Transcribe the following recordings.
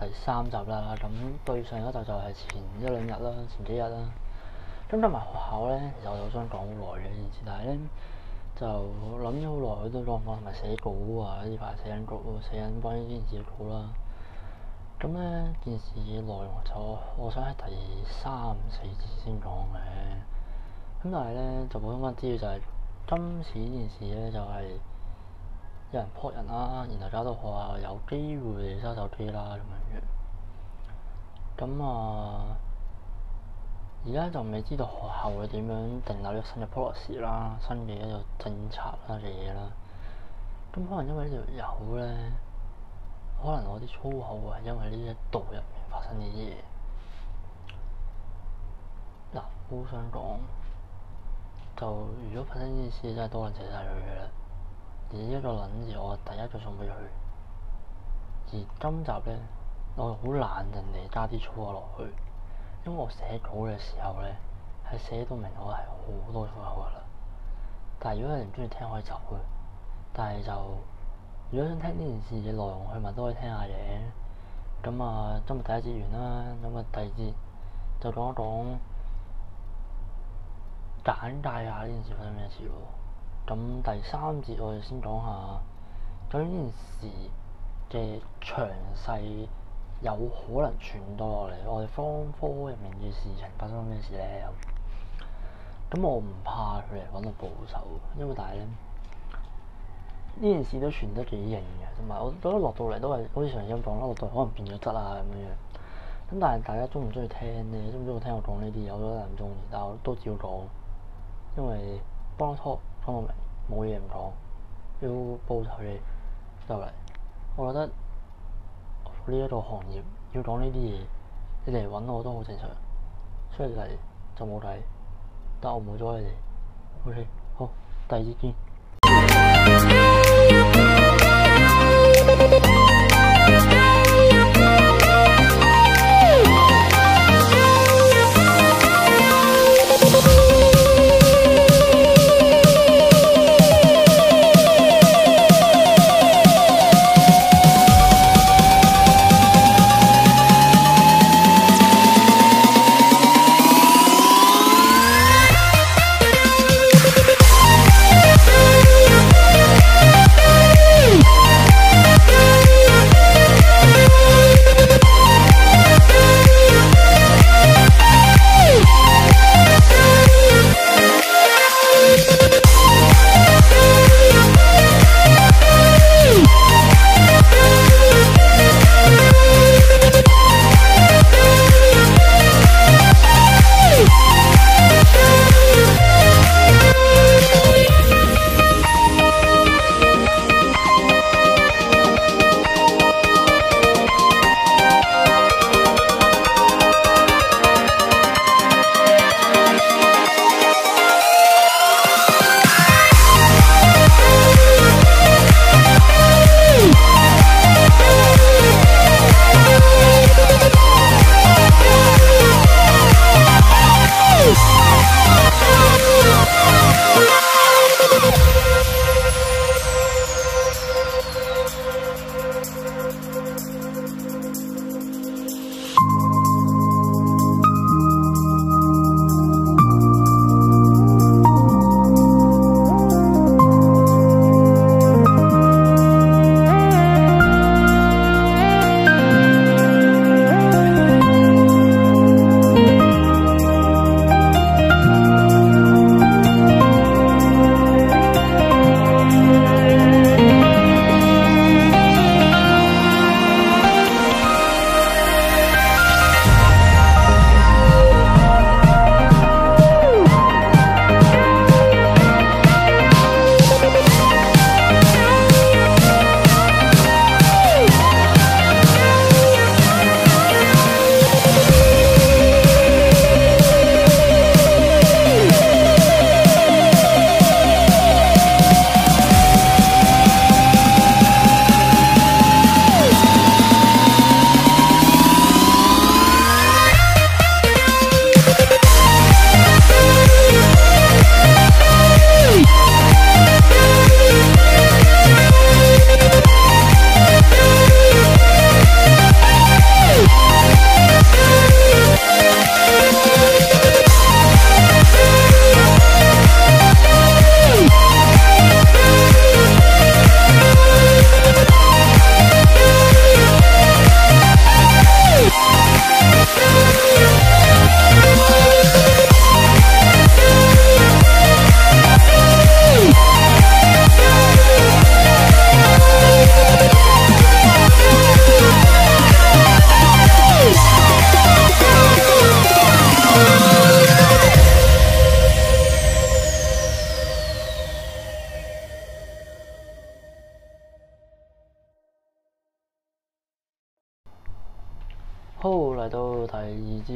第三集啦，咁對上一集就係前一兩日啦，前幾日啦。咁同埋學校咧，其實我想講好耐嘅件事，但係咧就諗咗好耐，佢都當翻係寫稿啊，呢排寫緊稿咯，寫緊關於呢件事嘅稿啦。咁咧，件事嘅內容就我想喺第三四節先講嘅。咁但係咧，就補充翻啲料。就係，今次呢件事咧就係。有人撲人啦、啊，然後搞到學校有機會收手機啦咁樣樣。咁啊，而、呃、家就未知道學校會點樣訂立呢個新嘅 policy 啦、新嘅一個政策啦嘅嘢啦。咁可能因為條呢條友咧，可能我啲粗口啊，因為呢一度入面發生啲嘢。嗱、呃，我想講就如果發生呢件事，真係多人注意嘅。而一個諗住我第一個送俾佢。而今集咧，我好懶人哋加啲粗口落去，因為我寫稿嘅時候咧，係寫到明我係好多粗口噶啦。但係如果有人唔中意聽，可以走嘅。但係就如果想聽呢件事嘅內容去，佢咪都可以聽下嘅。咁啊，今日第一節完啦，咁啊第二節就講一講簡介下呢件事係咩事咯。咁第三節，我哋先講下究竟呢件事嘅詳細，有可能傳到落嚟，我哋方科入面嘅事情發生咩事咧？咁咁我唔怕佢哋揾我報仇，因為但係咧呢件事都傳得幾型嘅，同埋我覺得落到嚟都係好似上次咁講啦，落到嚟可能變咗質啊咁樣樣。咁但係大家中唔中意聽咧？中唔中意聽我講呢啲？有啲人唔中意，但係我都照講，因為幫講到、嗯、明，冇嘢唔講，要報仇嚟就嚟。我覺得呢一個行業要講呢啲嘢，你嚟搵我都好正常。出嚟就冇睇，但我冇咗你哋。O.K. 好，第二件。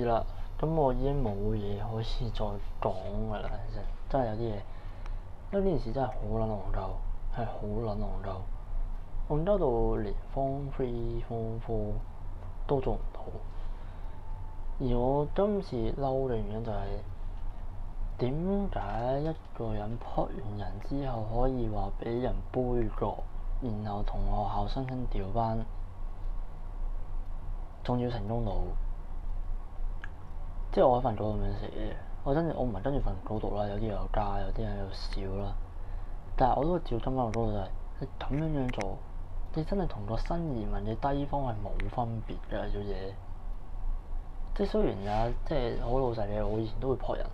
咁、嗯、我已經冇嘢可以再講噶啦，其實真係有啲嘢，因為呢件事真係好撚戇鳩，係好撚戇鳩，戇鳩到連 Form Three Form Four 都做唔到，而我今次嬲嘅原因就係點解一個人撻完人之後可以話俾人杯葛，然後同學校申請調班，仲要成功到？即係我喺份組入面食嘢，我真係我唔係跟住份組讀啦，有啲人又加，有啲人又少啦。但係我都係照參加個度。就係，你咁樣樣做，你真係同個新移民嘅地方係冇分別嘅小姐，即係雖然啊，即係好老實，我以前都會撲人。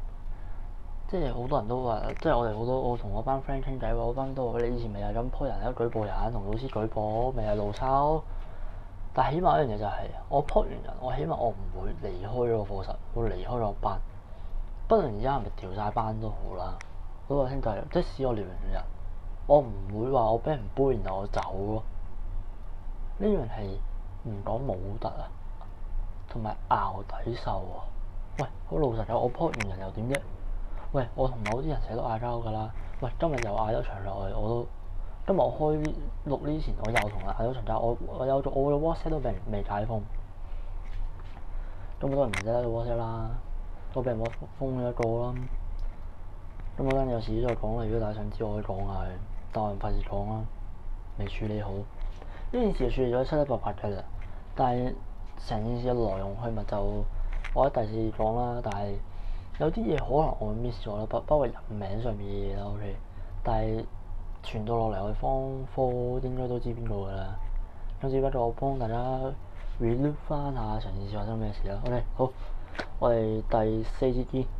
即係好多人都話，即係我哋好多我同我班 friend 傾偈，我，班，我，班，我班都話你以前咪又咁撲人，又舉報人，同老師舉報，咪又老抄。但起碼一樣嘢就係、是，我 p 完人，我起碼我唔會離開咗個課室，我離開咗班，不論而家係咪調晒班都好啦。嗰個兄弟，即使我撩完人，我唔會話我俾人搬，然後我走咯。呢樣係唔講武德啊，同埋拗底受啊！喂，好老實嘅，我 p 完人又點啫？喂，我同某啲人成日都嗌交㗎啦。喂，今日又嗌咗場落去，我都。今日我開錄呢之前，我又同阿阿小陳我我有做，我嘅 WhatsApp 都未未解封，咁好多人唔記得個 WhatsApp 啦，都俾人封封咗一個啦。咁我間有時再講啦，如果大家想知，我可以講下，但係唔費事講啦，未處理好。呢件事處理咗七七八八嘅啦，但係成件事嘅來龍去脈就我喺第時講啦，但係有啲嘢可能我 miss 咗啦，包包括人名上面嘅嘢啦，OK，但係。傳到落嚟，我哋方科應該都知邊個㗎啦。咁只不過我幫大家 review 翻下上次發生咩事啦。OK，好，我哋第四節先。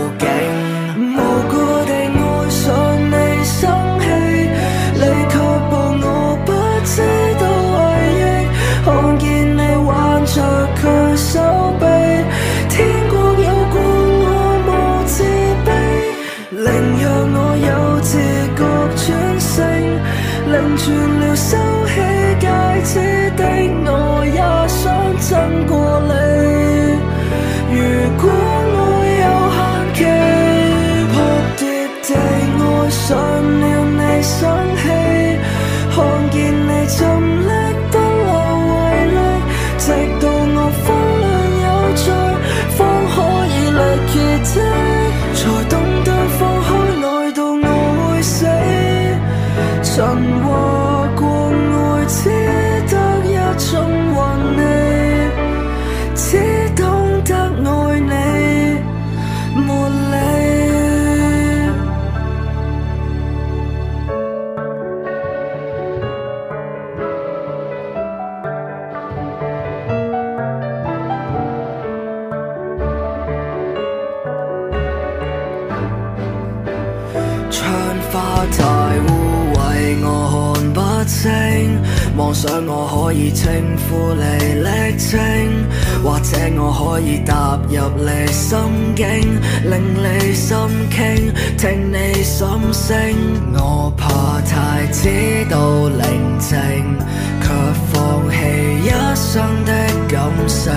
聽你心傾，聽你心聲，我怕太知道寧靜，卻放棄一生的感性。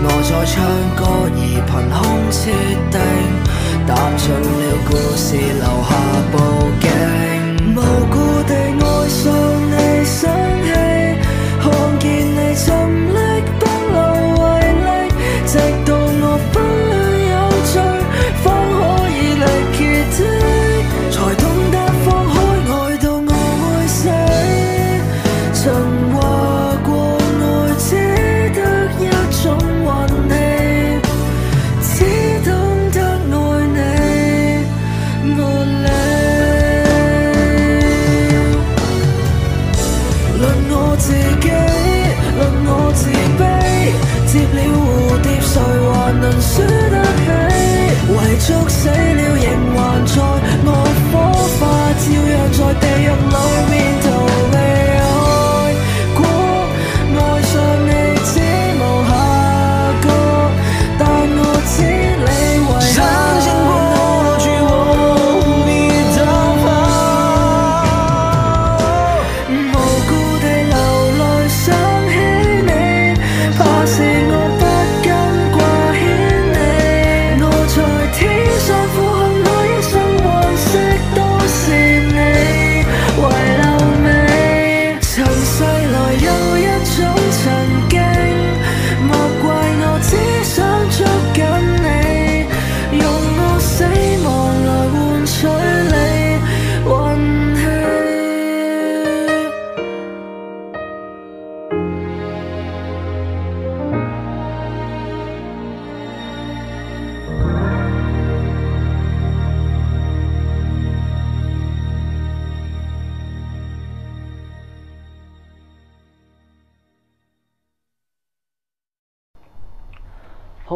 我在唱歌而憑空設定，踏出了故事留下佈景。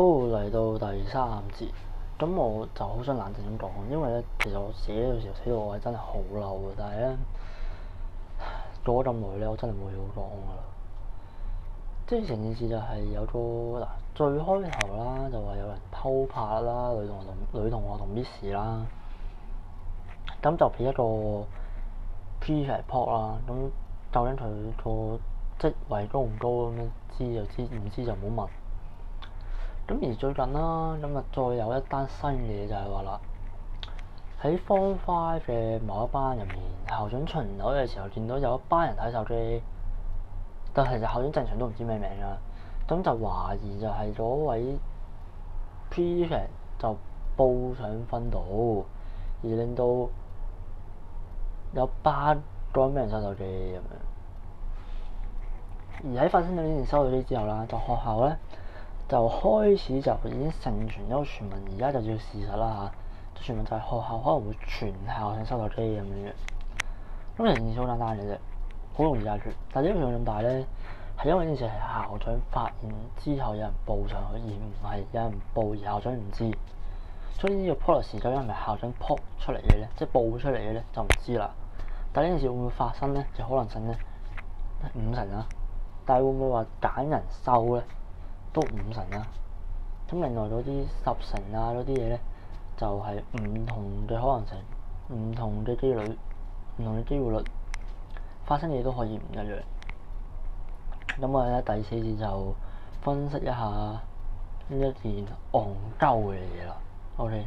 都嚟到第三節，咁我就好想冷靜咁講，因為咧其實我寫嘅時候寫到我係真係好嬲嘅，但係咧過咗咁耐咧，我真係冇嘢好講噶啦。即係成件事就係有個嗱，最開頭啦就話有人偷拍啦，女同學同女同學同 Miss 啦，咁就畀一個 piece report 啦，咁究竟佢個職位高唔高咁樣知就知，唔知就唔好問。咁而最近啦，咁啊再有一單新嘅嘢就係話啦，喺 Form 5嘅某一班入面，校長巡樓嘅時候見到有一班人睇手機，但係其實校長正常都唔知咩名嘅，咁就懷疑就係嗰位 Teacher 就報上分到，而令到有班嗰咩人睇手機咁樣，而喺發生咗呢件事之後咧，就學校咧。就開始就已經盛傳咗個傳聞，而家就叫事實啦嚇。啲、啊、傳聞就係學校可能會全校性收手機咁樣。咁其實件事好簡單嘅啫，好容易解決。但係點解咁大咧？係因為呢件事係校長發現之後有人報上去，而唔係有人報而校長唔知。所以呢個 policy，因為唔係校長撲出嚟嘅咧，即係報出嚟嘅咧，就唔知啦。但係呢件事會唔會發生咧？就可能性咧五成啦。但係會唔會話揀人收咧？都五成啦，咁另外嗰啲十成啊，嗰啲嘢咧就係唔同嘅可能性，唔同嘅機率，唔同嘅機會率，發生嘅嘢都可以唔一樣。咁我咧第四節就分析一下呢一件戇鳩嘅嘢啦。OK。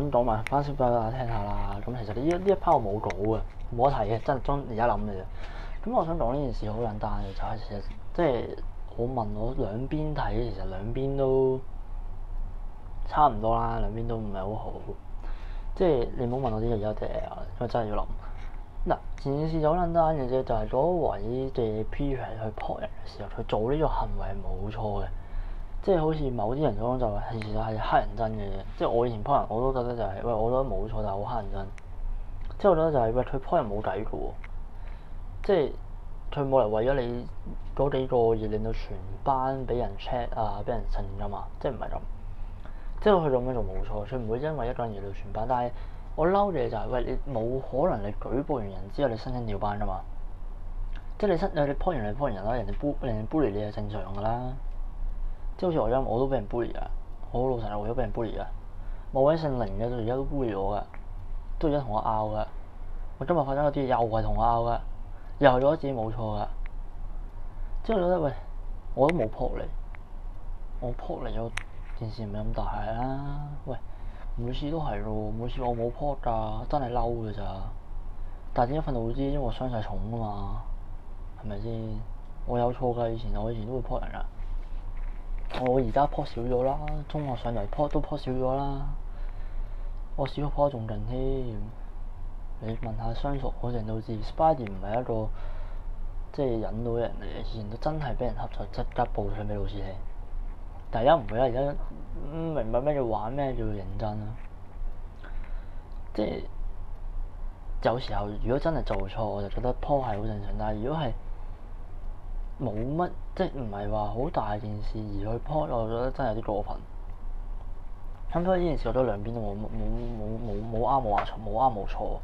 想講埋翻少畀大家聽下啦。咁其實呢呢一 part 我冇稿嘅，冇得睇嘅，真係裝而家諗嘅啫。咁我想講呢件事好簡單嘅，就係其實即係我問我兩邊睇，其實兩邊都差唔多啦，兩邊都唔係好好。即係你唔好問我啲日啊，因為我真係要諗。嗱，件事就好簡單嘅啫，就係、是、嗰位嘅 Peter 去 p 人嘅時候，佢做呢個行為係冇錯嘅。即係好似某啲人講就係其實係黑人憎嘅嘢，即係我以前 point 人我都覺得就係喂，我覺得冇錯，但係好黑人憎。即係我覺得就係喂，佢 point 人冇計嘅喎，即係佢冇嚟為咗你嗰幾個而令到全班俾人 check 啊，俾人剩噶嘛，即係唔係咁。即係佢咁樣做冇錯，佢唔會因為一個人而令到全班。但係我嬲嘅就係喂，你冇可能你舉報完人之後你申請調班噶嘛？即係你申你 point 完人你 point 完人啦，人哋 bul 人哋 bully 你係正常㗎啦。即好似我而家，我都俾人 bully 噶，我老實嚟講，我都俾人 bully 噶，某位姓凌嘅，佢而家都 bully 我噶，都而家同我拗噶，我今日發生嗰啲又係同我拗噶，又係覺得自己冇錯噶，即係我覺得喂，我都冇撲你，我撲你，件事唔係咁大啊，喂，每次都係咯，每次我冇撲噶，真係嬲噶咋，但係點解瞓到會知因為我傷晒重啊嘛，係咪先？我有錯噶，以前我以前都會撲人噶。我而家坡少咗啦，中學上嚟坡都坡少咗啦，我少坡仲勁添。你問下相熟嗰陣都知。Spider 唔係一個即係引到人哋，以然都真係俾人恰就即刻報上俾老師聽。但而家唔會啦，而家唔明白咩叫玩，咩叫認真啦。即係有時候，如果真係做錯，我就覺得坡係好正常。但係如果係，冇乜，即係唔係話好大件事，而去 po，我覺得真係有啲過分。咁所以呢件事，我覺得兩邊都冇冇冇冇冇冇啱冇話錯冇啱冇錯。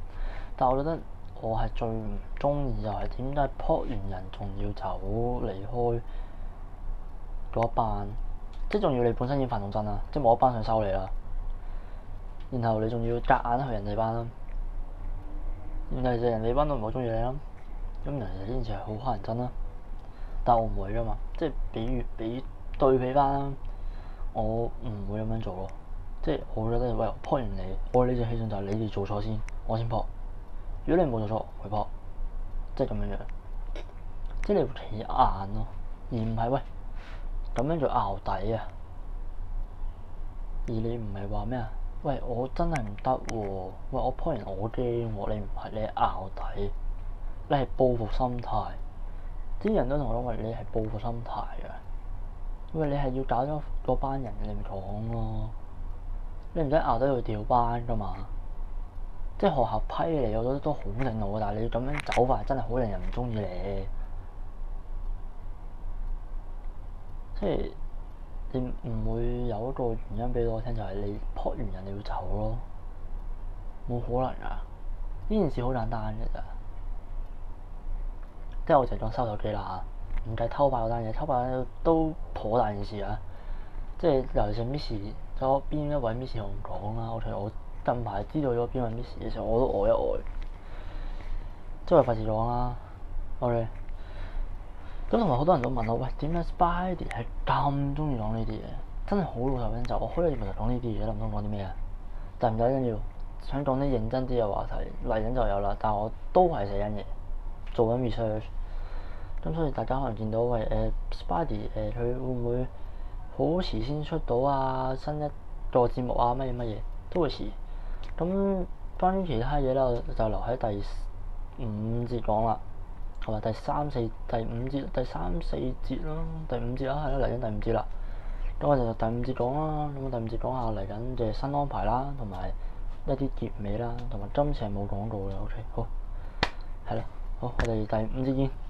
但係我覺得我係最唔中意又係點解，po 完人仲要走離開嗰班，即係仲要你本身已經犯錯真啦，即係冇一班想收你啦。然後你仲要夾硬去人哋班，然後其實人哋班都唔好中意你啦。咁其實呢件事係好乞人憎啦。但我唔會㗎嘛，即係比喻比對比翻，我唔會咁樣做咯。即係我覺得，喂，我破完你，我呢嘅氣氛就係你哋做錯先，我先破。如果你冇做錯，咪破。即係咁樣樣，即係你企硬咯。而唔係喂咁樣做拗底啊。而你唔係話咩啊？喂，我真係唔得喎。喂，我破完我驚你唔係你係拗底，你係報復心態。啲人都同我講，話你係報復心態，因為你係要搞咗嗰班人，你咪講咯，你唔使拗到去調班噶嘛，即係學校批你，我覺得都好正路，但係你咁樣走法真係好令人唔中意你，即係你唔會有一個原因俾我聽，就係、是、你撲完人你要走咯，冇可能噶、啊，呢件事好簡單嘅咋！即係我就係講收手機啦，唔計偷拍嗰單嘢，偷拍都都頗大件事啊！即係尤其是 miss 咗邊一位 miss 唔講啦，我同我近排知道咗邊位 miss 嘅時候，我都呆一呆，即係費事講啦。O.K. 咁同埋好多人都問我，喂點解 Spidey 係咁中意講呢啲嘢？真係好老實講就，我開頭就講呢啲嘢啦，唔通講啲咩啊？但係唔緊要，想講啲認真啲嘅話題，嚟緊就有啦，但係我都係寫緊嘢，做緊 research。咁所以大家可能見到，喂誒，Spidey 誒，佢、欸、會唔會好遲先出到啊？新一個節目啊，乜嘢乜嘢都會遲。咁關於其他嘢呢，我就留喺第五節講啦，同埋第三四第五節、第三四節咯，第五節啦，係啦，嚟緊第五節啦。咁我就第五節講啦。咁我第五節講下嚟緊嘅新安排啦，同埋一啲結尾啦，同埋今次係冇講到嘅。O.K. 好，係啦，好，我哋第五節見。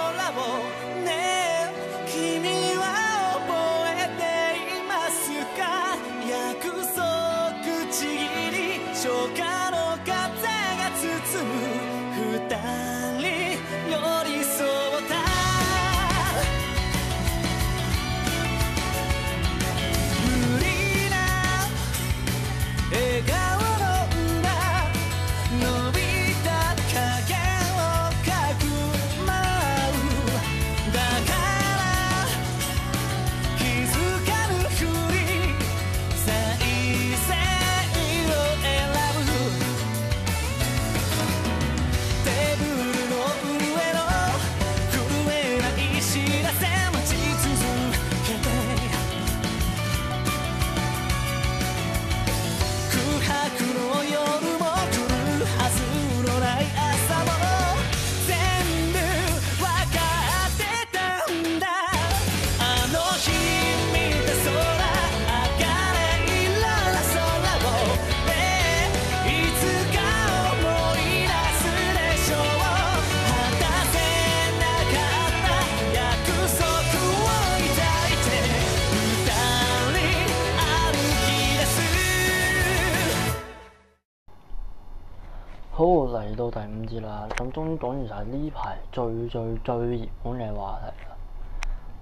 嚟到第五節啦，咁終於講完就係呢排最最最熱門嘅話題啦。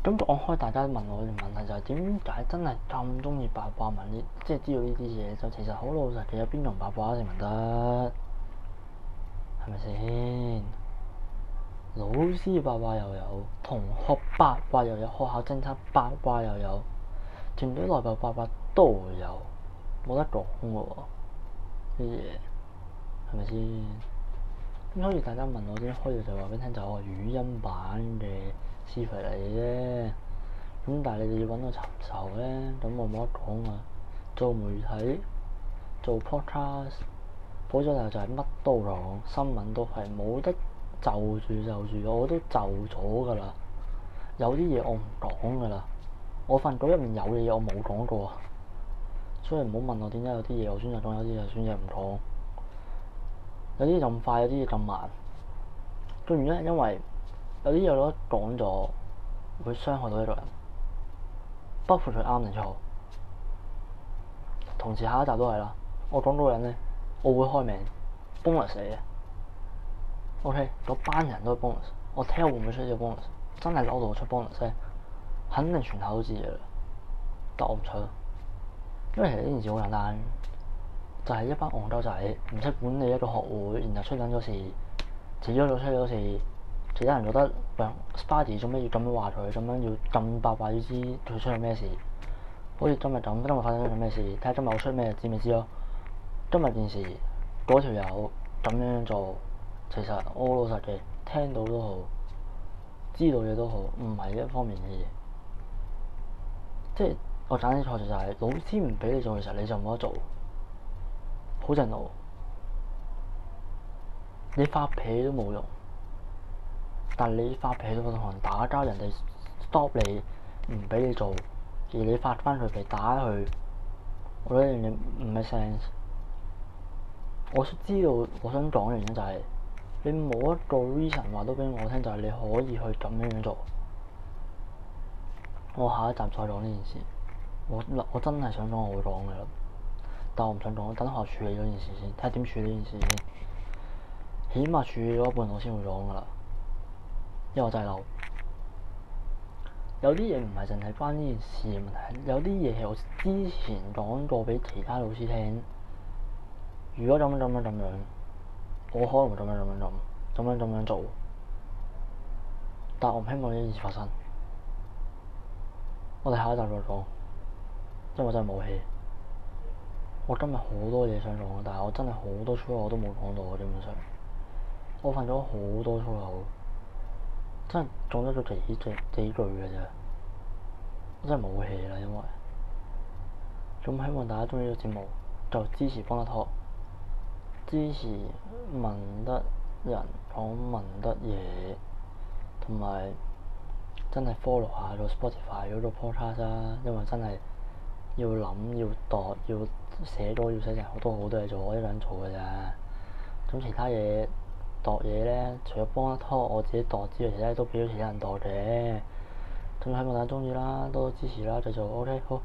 咁講開，大家問我嘅問題就係點解真係咁中意八卦問？呢即係知道呢啲嘢就其實好老實嘅，有邊種八卦先問得？係咪先？老師八卦又有，同學八卦又有，學校政策八卦又有，團隊內部八卦都有，冇得講嘅喎啲嘢，係咪先？咁開住大家問我，啲開住就話俾你聽，就係我語音版嘅師傅嚟嘅啫。咁但係你哋要揾我尋仇咧，咁我冇得講啊！做媒體，做 podcast，好在就係乜都講，新聞都係冇得就住就住，我都就咗噶啦。有啲嘢我唔講噶啦，我份稿入面有嘅嘢我冇講過，所以唔好問我點解有啲嘢我選擇講，有啲嘢我選擇唔講。有啲咁快，有啲嘢咁慢。嘅原因係，因為有啲有攞講咗，會傷害到呢個人，包括佢啱定錯。同時下一集都係啦，我講到人咧，我會開名 bonus 死嘅。OK，嗰班人都係 bonus，我聽下會唔會出隻 bonus，真係攞到我出 bonus，肯定全頭都知嘅啦，但我唔出，因為其實呢件事好簡單。就係一班憨鳩仔，唔識管理一個學會，然後出緊咗事，自己做出咗事。其他人覺得，講 Sparty 做咩要咁樣話佢，咁樣要盡百百要知佢出咗咩事。好似今日咁，今日發生咗咩事，睇下今日我出咩知咪知咯？今日件事，嗰條友咁樣做，其實我老實嘅，聽到都好，知道嘢都好，唔係一方面嘅嘢。即係我揀啲錯事，就係老師唔俾你做嘅時候，你就冇得做。好正路，你發脾氣都冇用，但你發脾氣都到同人打交，人哋 stop 你，唔畀你做，而你發翻佢被打佢，我覺得你唔係 sense。我知道我想講嘅原因就係你冇一個 reason 話到畀我聽，就係你可以去咁樣樣做。我下一集再講呢件事。我我真係想講，我會講嘅啦。但我唔想講，等學校處理咗件事先，睇下點處理呢件事先。起碼處理咗一半我，我先會講噶啦。因為我真係嬲。有啲嘢唔係淨係關呢件事嘅問題，有啲嘢係我之前講過俾其他老師聽。如果咁樣咁樣咁樣，我可能會咁樣咁樣咁咁樣咁樣做。但我唔希望呢件事發生。我哋下一集再講，因為我真係冇氣。我今日好多嘢想講，但係我真係好多粗口我都冇講到。基本上，我犯咗好多粗口，真係講咗幾幾幾句嘅啫。真係冇氣啦，因為咁希望大家中意個節目，就支持方立克，支持問得人講問得嘢，同埋真係 follow 下個 Spotify 嗰個 podcast 啦、啊。因為真係要諗，要度，要。寫歌要寫成好多好多嘢做，我一個人做嘅啫。咁其他嘢度嘢咧，除咗幫我拖我自己度之外，其他都俾咗其他人度嘅。咁希望大家中意啦，多多支持啦，繼續 OK 好。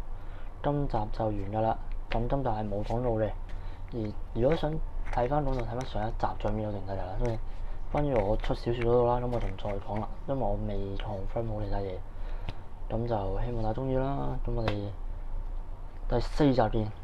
今集就完噶啦。咁今集係冇講到嘅。而如果想睇翻講就睇翻上一集最尾嗰段嘅。所以關於我出少少嗰度啦，咁我就唔再講啦，因為我未同 friend 冇聊曬嘢。咁就希望大家中意啦。咁我哋第四集見。